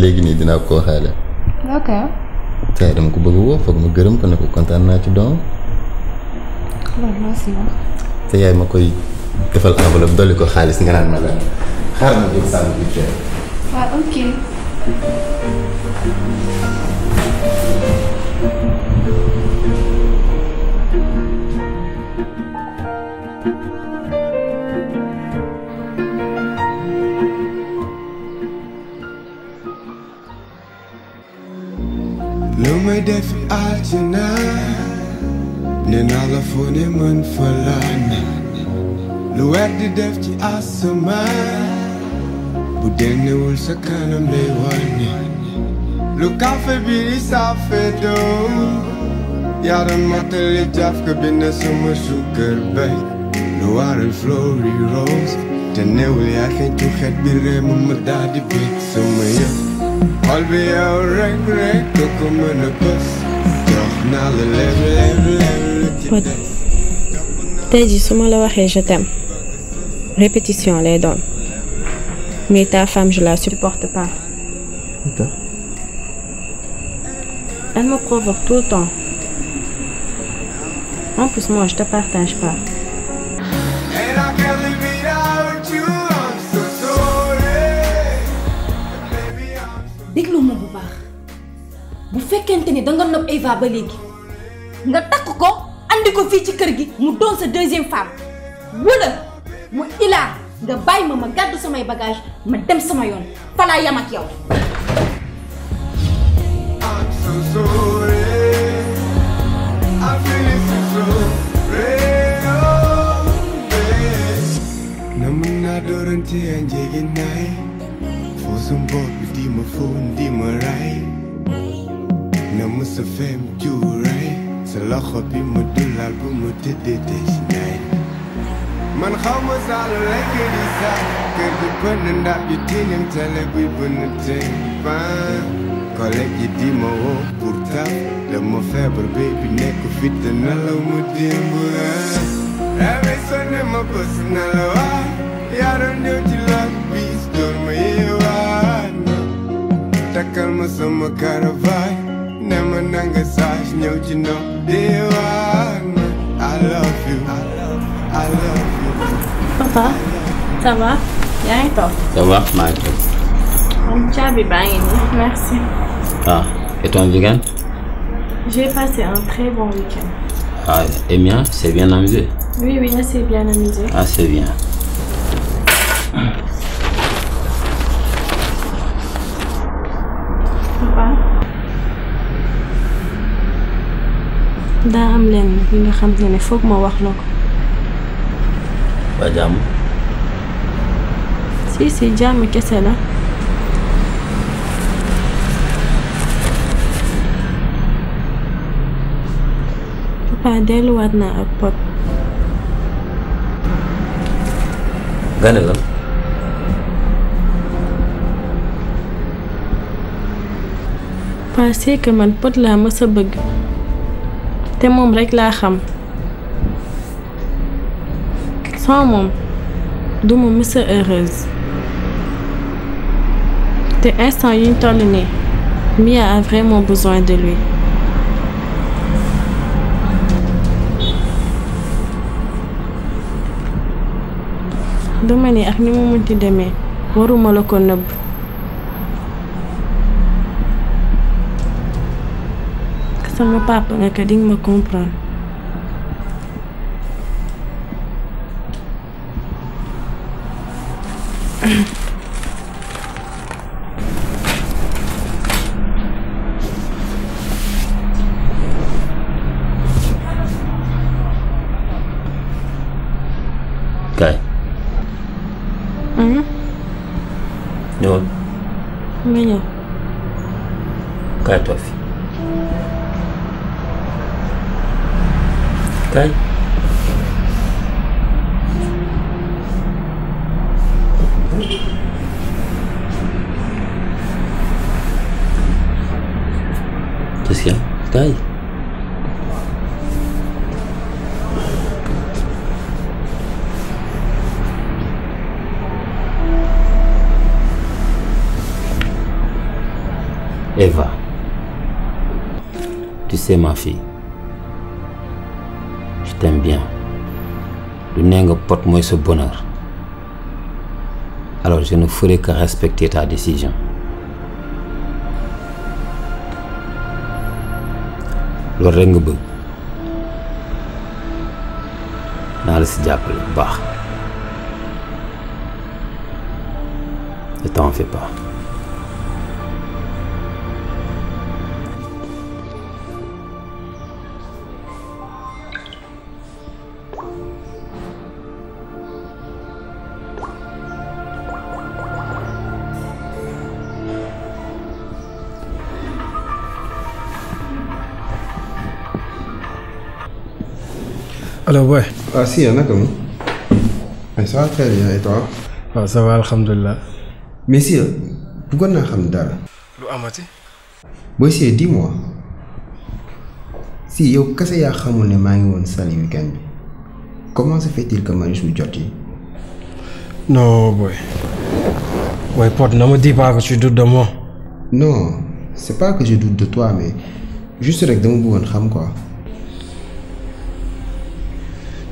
léegi nii dinaa ko xaale. ok. saa dama ko bëgg a foog ma gërëm ko ne ko kontaan naa ci doom. te yaay ma koy defal enveloppe dolli ko xaalis nga naan ma la xaar ma jël sàmm bi teel. waaw ah, ok. My er def àddina tonight, naa la foo ne mën fa laa ne lu weer di def ci asamaan bu dennewul sa kanam lay wàññi lu café bi di safee doom yaram matali jaf ka bi ne sama shuker bay lu waral flori rose te newul yaa xeetu xet ma dadi di bég sama قلبي dit, je t'aime répétition les dons. mais ta femme je la supporte pas. Elle me provoque tout le temps. En plus moi je te partage pas. va ba léegi nga tak ko andi ko fii ci kër gi mu don sa deuxième femme wala mu ila nga bay ma ma gaddu sama bagage ma dem sama yoon fala yam ak yow namun naa dooran ci ay njegin naay foo sum bopp di ma fóon di ma raay na mësa feem cuuraay sa loxo bi ma dullaal bu ma tëddee te ci man xaw ma saalu lekk di sax kër gi bënn ndab yi tiinim tele buy bënn teg fan collègue yi di ma woo pour taf dama feebar béy bi nekk fit te nalaw ma démb rawee sonne ma bës nalawaa yaa doon ñëw ci loog biis door ma yeewaat takkal ma sama karavaay ne papa ça va Viens, toi. ça va maa On toog moom bien, merci ah et ton week-end j'ai passé un très bon week-end ah et bien c'est bien amusé oui oui c'est bien amusé ah c'est bien daa am leen li nga xam ne ne foog ma wax na ko. ba jàmm. si si jàmm kese la. papa delluwaat naa ak pot nga la lan. parce man Pod laa mës a bëgg. te moom rek la xam sans mom du ma heureuse te instant yuñ toll nii Mia a vraiment besoin de lui. dama ni ak ni mu munti demee waruma la ko nëbb. sama papa nga kading compra. Eva. Tu sais ma fille. Je t'aime bien. Le nenga porte moi ce bonheur. Alors je ne ferai que respecter ta décision. Le rengue le bah. ne t'en fais pas هلا بوي آسيا nakam Mais ça va très bien et toi Ah, ça va Alhamdulillah. mais si pourquoi naa xam dara lu amati Boy, si dis-moi si tu as yaa xamul ne maa ngi woon Saly comment se fait-il que Marichou jot yi non boy. Oui, pote, ne me dis pas que tu doute de moi non c'est pas que je doute de toi mais juste rek dama bëggoon xam quoi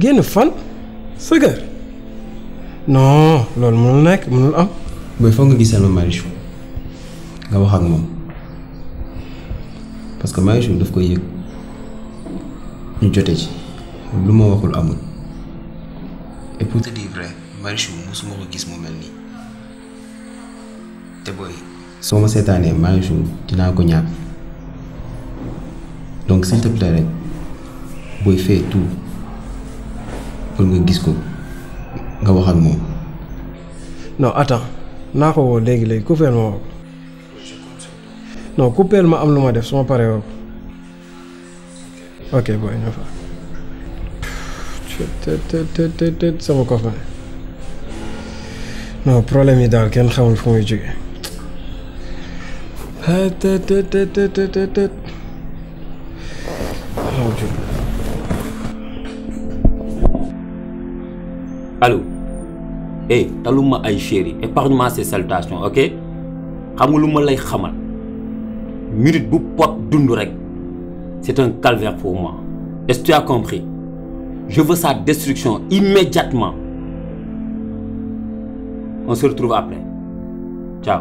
génn fan non loolu mënul nekk mënul am. nga ma Marichou nga wax ak parce que Marichou daf koy yëg ñu ci lu waxul amul et pour te dire vrai Marichou mosuma ko gis mu mel te booy. soo ma Marichou dinaa ko donc s'il te plaît rek booy tout pour nga gis ko nga wax ak moom. non attends naa ko woo léegi léegi coupé ma woo non coupé ma am lu ma def su ma paree woo ok booy ñëw fa. sama copain non problème yi daal kenn xamul fu muy jógee. allo eh taluma ay Et épargne-moi ces salutations ok xam Lai lu lay xamal minute pot c'est un calvaire pour moi est-ce que tu as compris je veux sa destruction immédiatement on se retrouve après ciao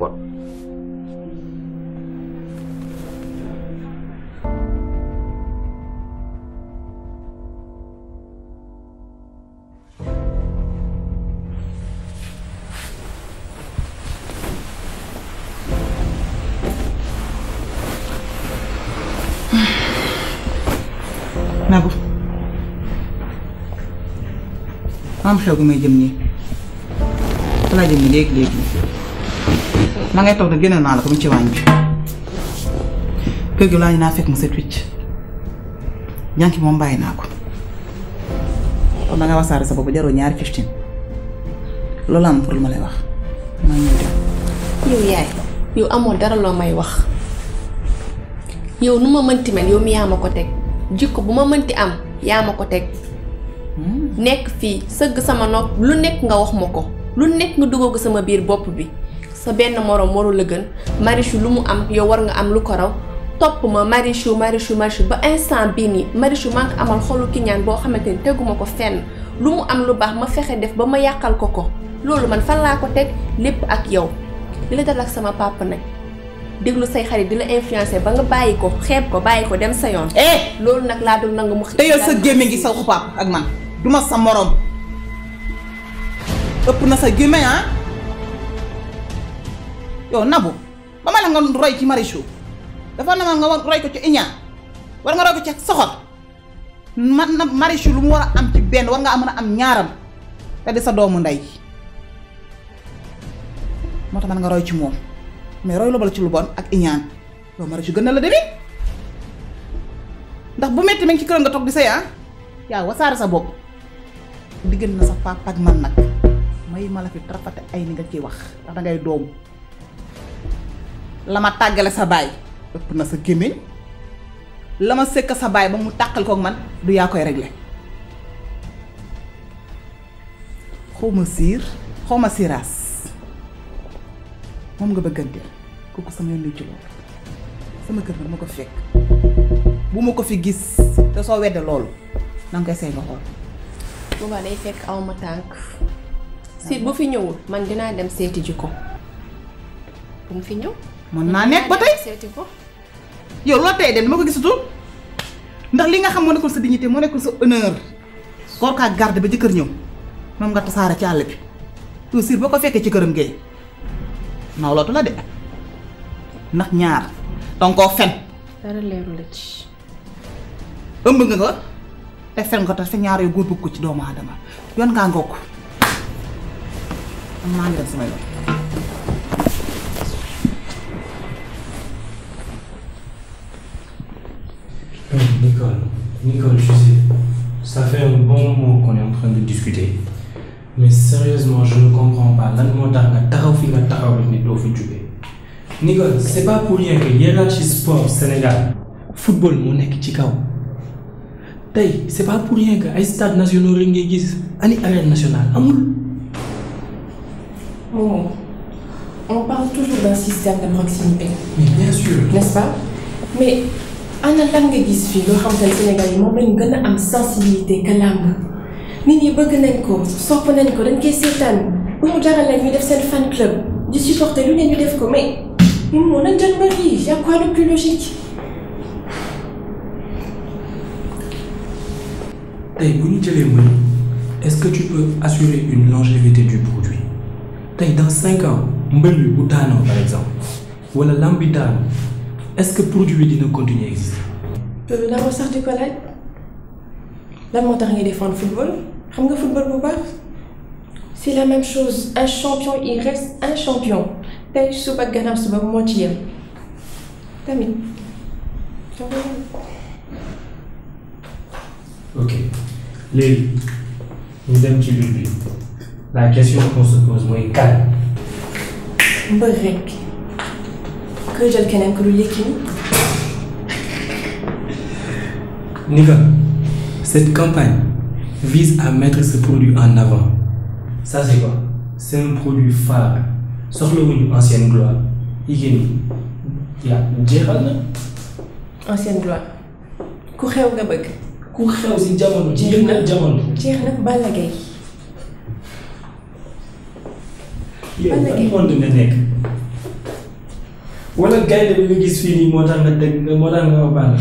Bon. हम शोक में जमनी चला जमनी देख देख मंगे na तक गिनन नाल को मिच वांच क्योंकि लानी ना फेक मुसे ट्विच yanki mom bayyi nako kon da nga wasare sa bobu jaro ñaar christine lolu pour luma lay wax ma ñew dem yow yaay yow amo dara lo may wax yow numa mel yow mi ko am yama ko nek fi seug sama nok lu nek nga wax mako lu nek nga dugal sama bir bop bi sa ben moro moro le gën marichu lu mu am yo war nga am lu ko raw top ma marichu marichu marichu ba instant bi ni marichu maa ngi amal xolu ki ñaan tegu xamanteni ni teguma fenn lu mu am lu bax ma fexé def ba ma yakal ko ko lolu man fan la ko tek lepp ak yow li sama papa nak deglu say xarit dila influencer ba nga bayiko xeb ko bayiko dem sa eh lolu nak la dul nangum mu. te yow sa sa papa ak man duma sa morom ëpp na sa gémmeñ ha ah? yo nabu ba mala nga roy ci marichou dafa na nga war roy ko ci iña war nga roy ko ci soxor man na lu mu wara am ci ben war nga amana am ñaaram da di sa doomu nday moo tax man nga roy ci mom mais roy bal ci lu bon ak iñaan yow marichou gëna la demit ndax bu metti mi ngi ci kërëm nga tok di sey ya ah? yaa wasaare sa bopp diggan na sa papa man nak may mala fi tarafate ay ni nga ci wax da ngay dom lama tagalé sa bay ëpp na sa gemé lama ma sa bay ba mu ko ak man du ya koy régler xaw sir siir siras mom saya bëggante nga ko sama ci sama kër mo ko fekk bu ko fi gis te so wédde lool nang koy nga xol boobaa day fekk aw ma tànk si bu fi ñëwul man dinaa dem seeti ji ko bu mu fi ñëw mën naa nekk ba tey seeti ko yow loo tey de dama ko gisatul ndax li nga xam moo nekkul sa dignité moo nekkul sa honneur koor kaa garde ba jëkkër ñëw moom nga tasaara ci àll bi tout sur boo ko fekkee ci këram la de ndax ñaar koo fen dara la ci ëmb nga Euh, Nicole, Nicole, je sais, ça fait un bon moment qu'on est en train de discuter mais sérieusement je ne comprends pas Nicole, ce n'est c'est pas pour rien que hiérarchie sport Sénégal football mon nekk ci c'est pas pour rien que les stades nationaux sont ngay nationale on parle toujours d'un système de proximité. mais bien sûr. n'est-ce pas mais ana lan Sénégal sensibilité que nit ñi bëgg nañ ko nañ ko dañ fan club du supporter l'une ñu mais Il y a quoi le plus logique. est-ce que tu peux assurer une longévité du produit dans 5 ans mbël ou bu par exemple ou lambitan est-ce que le produit continue dina continuer exister. La laa de La ko laaj de football xam nga football bu c'est la même chose un champion il reste un champion tay suba ganam suba mo ci mentir. tamit. ok léegi Nous dem tu lutte la question qu'on se pose est calme. mbër rek. koy jël keneen ku dul Yékini. Nika cette campagne vise à mettre ce produit en avant. ça c'est quoi c'est un produit phare de ancienne gloire Igeni, yaa jeexal na. ancienne gloire ku xew nga bëgg ku xew si jamono ji yëpp nag jamono. jeex na Balla Gaye. Balla Gaye yow ban monde nga nekk. wala gaynde bi nga gis fii nii moo tax nga dégg moo tax nga wax Balla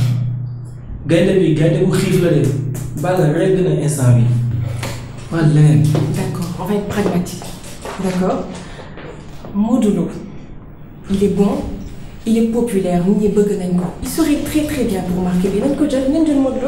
gaynde bi gaynde bu xiif la de Balla rek na instant bi wala leneen. d'accord on va être pragmatique. d'accord Modou Lo il est bon il est populaire nit ñi bëgg nañ ko. il serait très très bien pour marquer bi nañ ko jël nañ jël Modou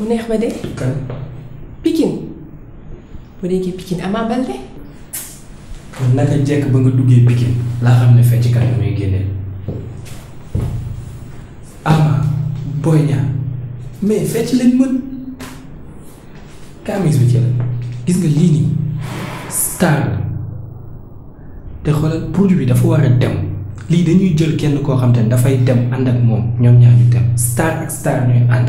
bu neex ba de kan pikin bu déggee pikin ama balde kon naka jekk ba nga duggee pikin laa xam ne fecc kan muy ama boy ñaa mais fecc lañ mën kamis bi ci la gis nga lii nii star te xoolal produit bi dafa war a dem lii dañuy jël kenn koo xam te dafay dem ànd ak moom ñoom ñaar ñu dem star ak star ñooy ànd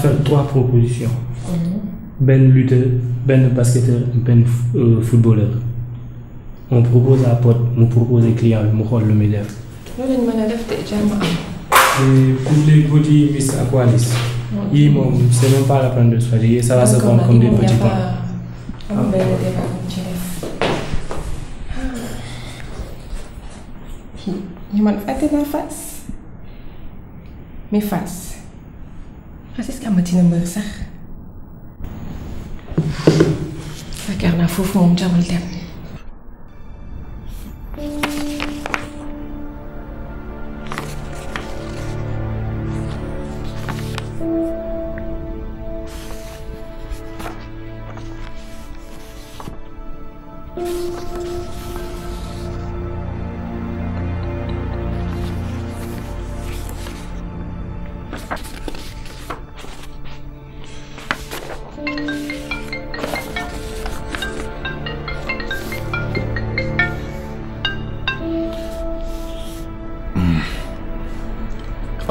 faire trois propositions. Mhm. Ben lutteur, ben basketteur, ben euh, footballeur. On propose à porte. on propose aux clients, on le meilleur. Pour les petits Miss Aqualis, c'est même pas la peine de se ça va se prendre comme des petits pains. Je face. Mes faces. parce que amati na mbër sax yaakaar naa foofu moom jarul dem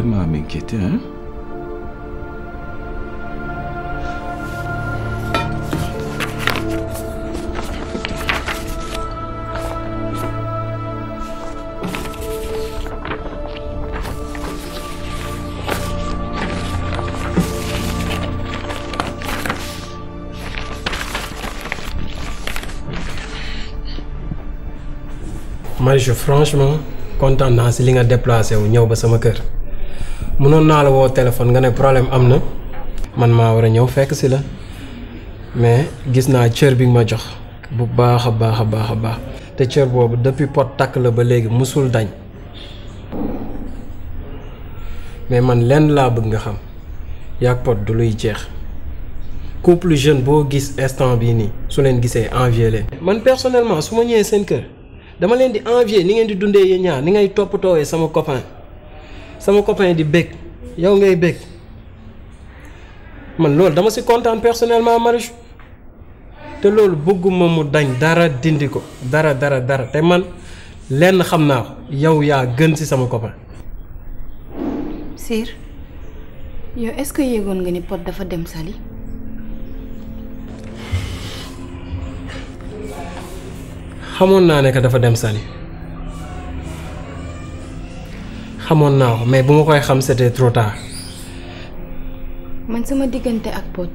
vraiment à m'inquiéter, hein Je suis franchement content de si li nga déplacé wu ñëw mënon na la wo téléphone nga né problème amna man ma wara a ñëw fekk ci la mais gis na cër bi ma jox bu baaxa baaxa baaxa baax cër bobu depuis pot tak la ba légui musul dañ mais man lén la bëgg nga xam yaag pot du luy jéx couple jeune bo gis instant bi ni su leen gisé envier leen. man personnellement su ma ñëwee seen kër dama leen di envier ni ngeen di dundé ye ñaar ni ngay sama copain. sama copain di bëgg yow ngay bëgg man loolu dama si kontaan personnellement Marichou te loolu bëgguma mu dañ dara dindi ko dara dara dara te man lenn xam naa ko yow yaa gën ci sama copain. Sir yow est-ce que yéegoon nga ni Pod dafa dem Saly. xamoon naa ne que dafa dem Saly. xamoon naa ko mais bu ma koy xam c'était trop tard. man sama diggante ak Pod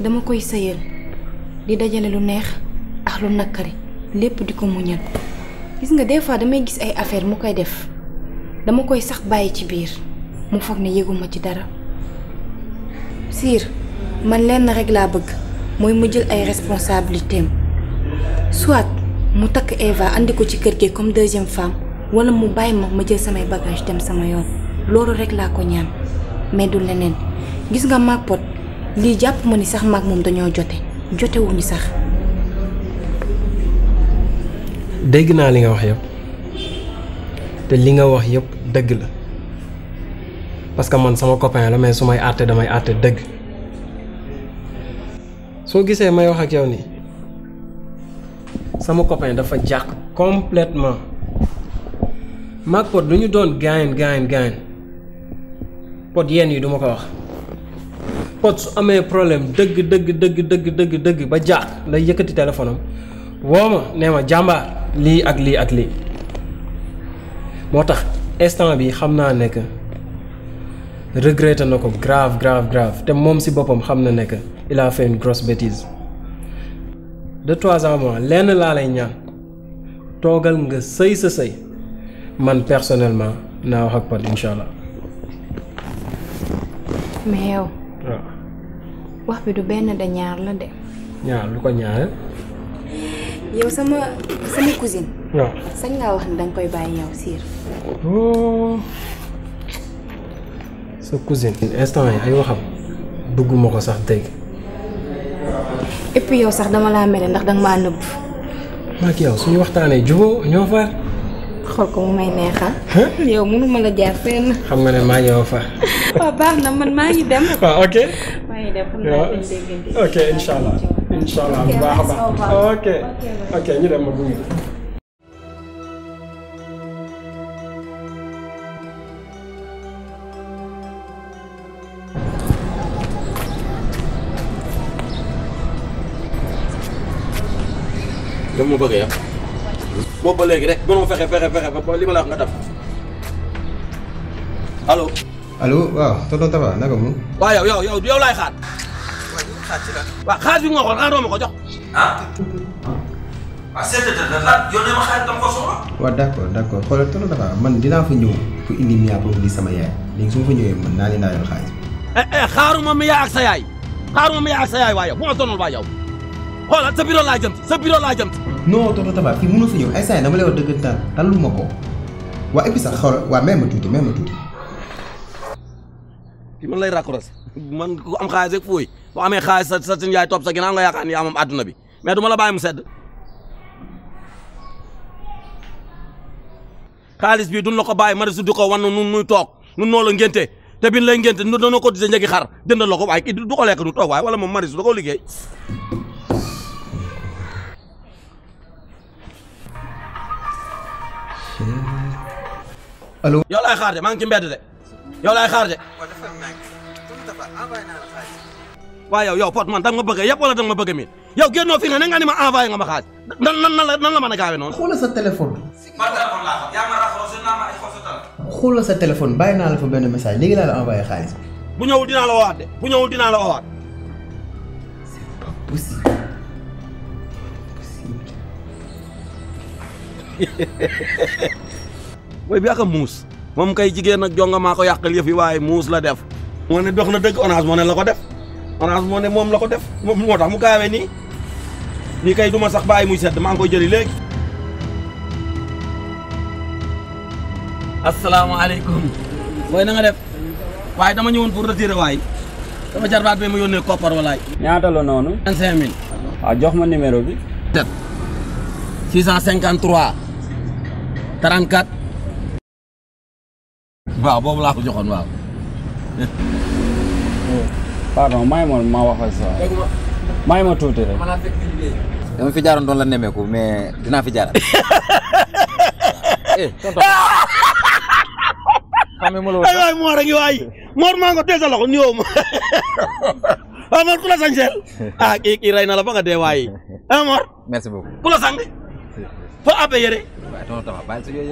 dama koy sëyal di dajale lu neex ak lu nakkari lépp di ko muñal gis nga des fois damay gis ay affaire mu koy def dama koy sax bàyyi ci biir mu foog ne yëguma ci dara. Siir man lenn rek laa bëgg mooy mu jël ay responsabilités soit mu takk Eva andi ko ci kër gi comme deuxième femme. wala mu bàyyi ma ma jël samay bagage dem sama yoon loolu rek laa ko ñaan mais du leneen gis nga maag pot lii jàpp ma ni sax maag moom dañoo jote jotewuñu sax. dégg naa li nga wax yëpp te li nga wax yëpp dëgg la parce que man sama copain la mais su may àtte damay àtte dëgg soo gisee may wax ak yow nii sama copain dafa jàq complètement maag du ñu doon gaayen gaayen gaayen pot yenn yi duma ko wax pot su amee problème dëgg dëgg dëgg dëgg dëgg dëgg ba jaax lay yëkkati téléphone woo ma nee ma jàmbaar lii ak lii ak lii moo tax instant bi xam naa nekk regretté na ko grave grave grave te moom si boppam xam na nekk il a fait une grosse de trois ans moi lenn laa lay ñaan toogal nga sëy sa sëy man personnellement naa wax ak Pod incha allah. mais yow. la de. ñaar lu ko ñaar. yow sama sama cousine. sañ ngaa wax ne nga koy bàyyi yow siir. Oh. sa cousine. instant ay waxam bëgguma sax et puis yow sax dama laa ndax nga maa nëbb. ne yow suñu xool ko mu may neexal. yow mënuma la jaar fenn. xam nga ne maa ñëw fa. waaw baax na man maa ngi dem. waaw ok. maa ngi dem xam naa ok incha allah incha allah bu baax a baax ok ok ñu dem ma gunge. dama bëgg yàq. boobu ba léegi rek gënoon fexe fexe fexe ba li ma la wax nga def allo. allo waaw tonton Tapha naka mu. waaw yow yow yow yow laay xaar. waaw xaar bi nga waxoon xaaroo ma ko jox. ah. ah seetlu na la yow de ma xaar dama ko soxla. waaw d' accord d' accord xoolal tonton man dinaa fa ñëw pour indi miyaa boobu di sama yaay léegi su ma fa ñëwee man naa leen daal xaalis. Eh, eh, xaaruma miyaa ak sa yaay xaaruma miyaa ak sa yaay waaye bu ma sonal waa yow. xoolal sa bureau laa jëm si sa bureau laa jëm si. non tonton Taba fii mënul fi ñëw instant yii dama lay wax dëggantaan tallu ma ko waa et puis sax xoolal ma boo amee xaalis sa sa topp sa ginnaaw nga yaakaar ni àdduna bi mais du la bàyyi mu sedd. xaalis bi duñ la ko bàyyi Marichou di ko wan nun nuy toog nun noo la ngénte te bin lay ngénte nu doona ko di sa njëgi xar jëndal la ko waaye du ko lekk nu toog waaye wala moom Marichou da ko liggéey allo. yow laay xaar de maa ngi ci mbedd de yow laay xaar de. waaw yow yow Pod man da ma bëgg yëpp wala da nga ma bëgg miin yow génnoo fi nga ne nga ni ma envoyé nga ma xaaj nan nan nan la nan mën a gaawee noonu. xoolal sa téléphone. man sa téléphone bàyyi naa la fa benn message léegi laa la envoyé xaalis bi. bu ñëwul dinaa la woowaat de bu ñëwul dinaa la woowaat. c'est booy bi ak a muus moom kay jigéen ak jonga maa ko yàqal yëf yi waaye muus la def moo ne dox na dëgg orange moo ne la ko def orange moo ne moom la ko def moom moo tax mu gaawee nii nii kay du ma sax bàyyi muy sedd maa ngi koy jëli léegi asalaamaaleykum booy na nga def waaye dama ñëwoon pour retirer waay dama jarbaat bi ma yónnee koppar walaay ñaata la noonu 25000 waaw ah, jox ma numéro bi 653 terangkat Bapak belah aku jokon bapak Pak, mai mau mau apa sih? Mai mau tuh deh. Kamu fijaran dong lah nemeku, me dina fijaran. mau eh, mulu. Ayo mau orang yuai, mau orang nggak desa loh nyom. Amor pulas angel. Ah, kira ini apa nggak dewai? Amor. Merci beaucoup. Pulas angel. Apa ya deh?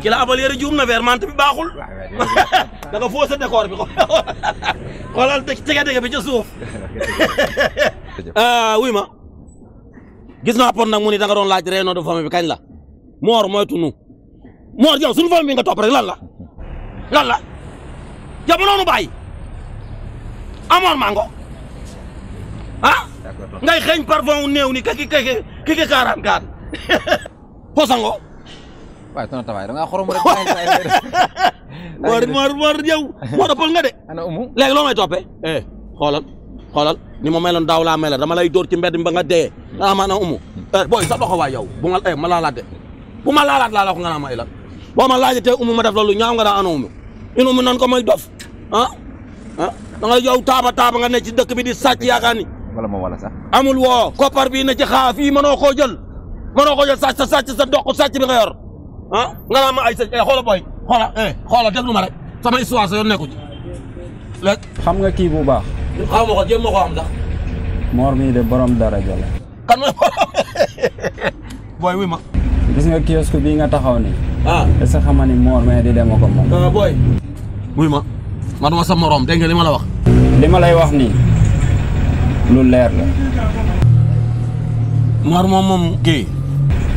ki la abal yëre juum na weer man bi baaxul da nga faussé décor bi xoolal tege-tege bi ca suuf euh, wuy ma gis naa pon nag mu ni da nga doon laaj réunion bi kañ la moor mooy tunu moor yow suñu famille bi nga topp lan la lan la yow mënoonu bàyyi amoon mango ah ngay xeeñ parfum néew ni kaki kaki kaki kaaraan kaan posango waaye ah, itu Tafaay da ngaa xorom rek. war war war yow war ëppal nga de. umu léegi loo may apa? eh xoolal xoolal ni ma meloon daaw laa meloon dama lay dóor ci mbedd umu. booy sa doxo waay eh ma laalaat Bunga bu ma laalaat laa la wax nga umu ma def loolu ñaaw nga umu. inu nan ko may ah ah da jauh tapa tapa taaba nga ne ci dëkk bi di sàcc yaakaar ni. amul woo koppar bii ne ci ah nga naa ma ay sëñ eh, xoola booy xoola eh, xoola déglu ma rek samay histoire sa yoon nekku ci léegi xam nga kii bu baax xaw ma ko jéem ma ko am ndax moor mii de borom daraja la kan mooy booy ma gis nga kiosque bii nga taxaw ni ah xam nga ni moor di dema ko moom ah, booy wuy ma man ma sa moroom dégg nga li ma la wax li ma lay wax nii lu leer la moor moom moom kii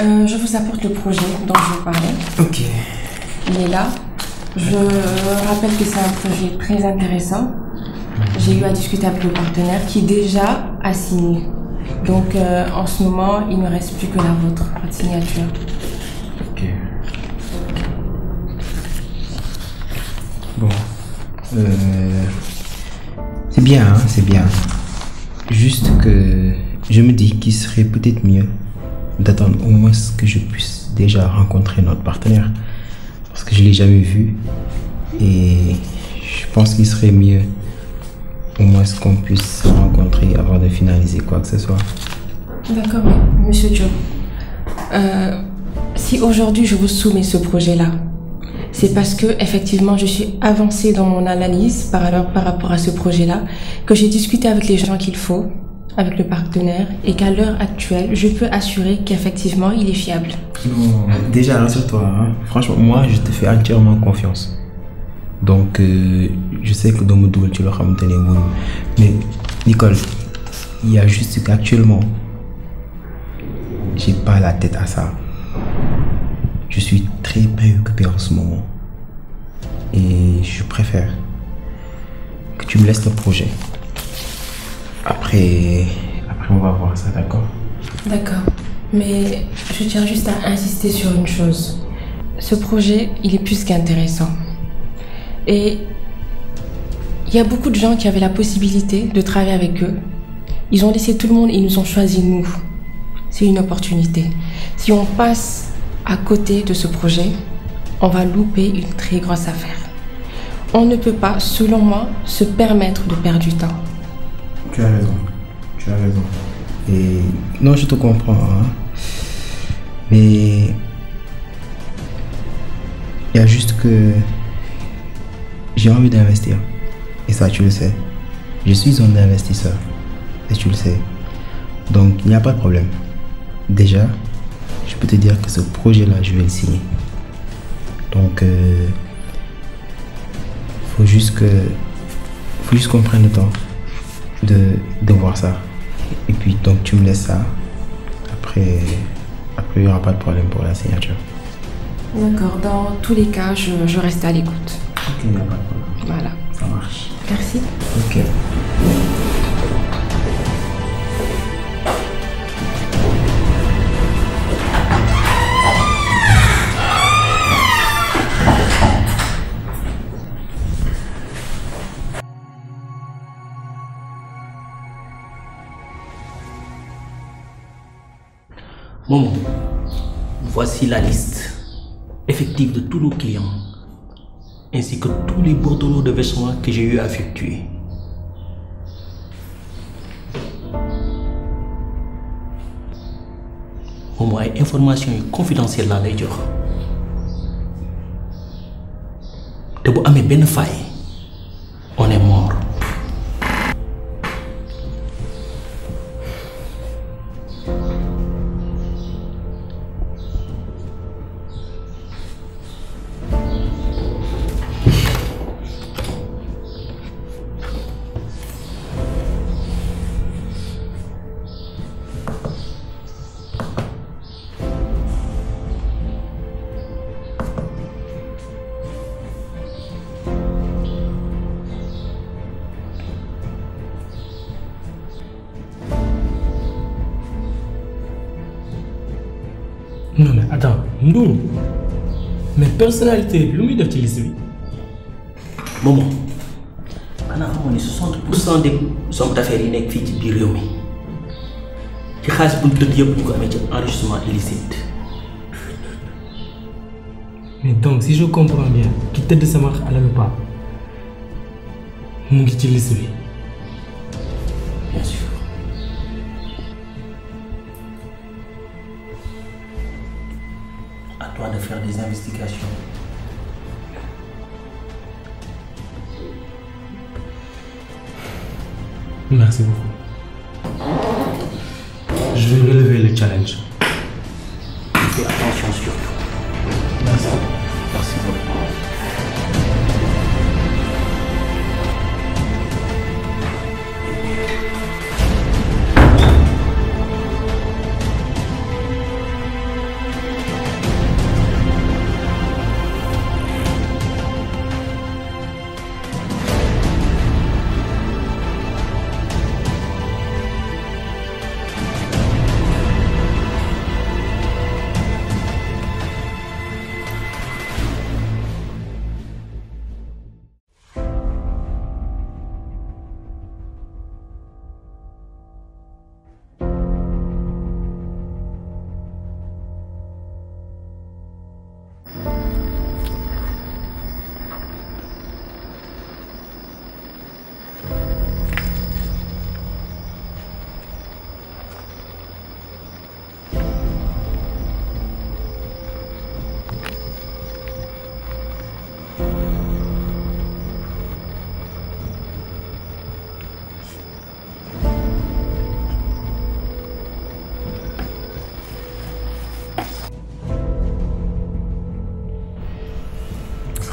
Euh, je vous apporte le projet dont je vous parlais. Ok. Il est là. Je rappelle que c'est un projet très intéressant. J'ai eu à discuter avec le partenaire qui déjà a signé. Donc euh, en ce moment, il ne reste plus que la vôtre, votre signature. Ok. Bon. Euh, c'est bien, hein, c'est bien. Juste que je me dis qu'il serait peut-être mieux d'attendre au moins ce que je puisse déjà rencontrer notre partenaire. Parce que je ne l'ai jamais vu. Et je pense qu'il serait mieux au moins ce qu'on puisse rencontrer avant de finaliser quoi que ce soit. D'accord, monsieur Joe. Euh, si aujourd'hui je vous soumets ce projet-là, c'est parce que effectivement je suis avancée dans mon analyse par, alors, par rapport à ce projet-là, que j'ai discuté avec les gens qu'il faut, avec le partenaire et qu'à l'heure actuelle, je peux assurer qu'effectivement, il est fiable. Non, déjà, rassure-toi. Hein. Franchement, moi, je te fais entièrement confiance. Donc, euh, je sais que dans mon double, tu l'as ramené. Mais, Nicole, il y a juste qu'actuellement, j'ai pas la tête à ça. Je suis très préoccupé en ce moment. Et je préfère que tu me laisses le projet. Après, après on va voir ça, d'accord D'accord. Mais je tiens juste à insister sur une chose. Ce projet, il est plus qu'intéressant. Et il y a beaucoup de gens qui avaient la possibilité de travailler avec eux. Ils ont laissé tout le monde et ils nous ont choisi nous. C'est une opportunité. Si on passe à côté de ce projet, on va louper une très grosse affaire. On ne peut pas, selon moi, se permettre de perdre du temps tu as raison. Tu as raison. Et non, je te comprends. Hein. Mais il y a juste que j'ai envie d'investir. Et ça, tu le sais. Je suis un investisseur. Et tu le sais. Donc, il n'y a pas de problème. Déjà, je peux te dire que ce projet-là, je vais le signer. Donc, il euh, faut juste que... faut juste qu'on prenne le temps de, voir ça. Et puis, donc, tu me laisses ça. Après, après il n'y aura pas de problème pour la signature. D'accord. Dans tous les cas, je, je reste à l'écoute. Ok, il Voilà. Ça marche. Merci. Ok. voici la liste effective de tous nos clients, ainsi que tous les bordereaux de vêtements que j'ai eu à effectuer. Maman, ay information confidentielle la lay jox te bu Non, mais personnalité lui lu muy ci liste Momo on amoon 60 des sommes d'affaires yi nekk fii ci biir réew mi ci xaalis bu ñu tëdd yëpp ko enrichissement illicite. mais donc si je comprends bien qui de tëdd sama à la pas ngi ci liste lui. Merci beaucoup. Je vais relever le challenge. Fais attention surtout. Merci. Merci beaucoup.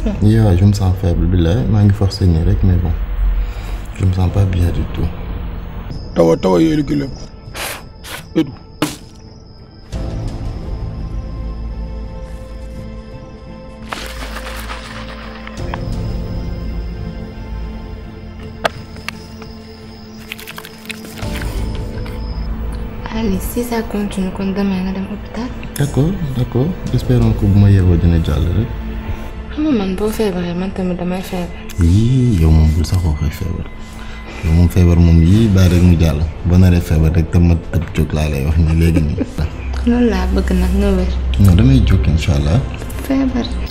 enthousiasme yeah, je me sens faible billaay maa ngi forcé nii rek mais bon je me sens pas bien du tout. tawa tawa yooyu la Edu. Allez, si ça tu continue kon à nga dem hôpital. d'accord d'accord espérons que bu ma yeewoo dina jàll rek. man boo feebaree man tamit damay feebar. yii yow moom bul sax waxee feebar yow moom feebar moom yii bàyyi rek mu jàll ba naree feebar rek te ma tëb jóg laa lay wax nii léegi nii. loolu laa bëgg nag nga wér. non damay jóg incha allah. feebar.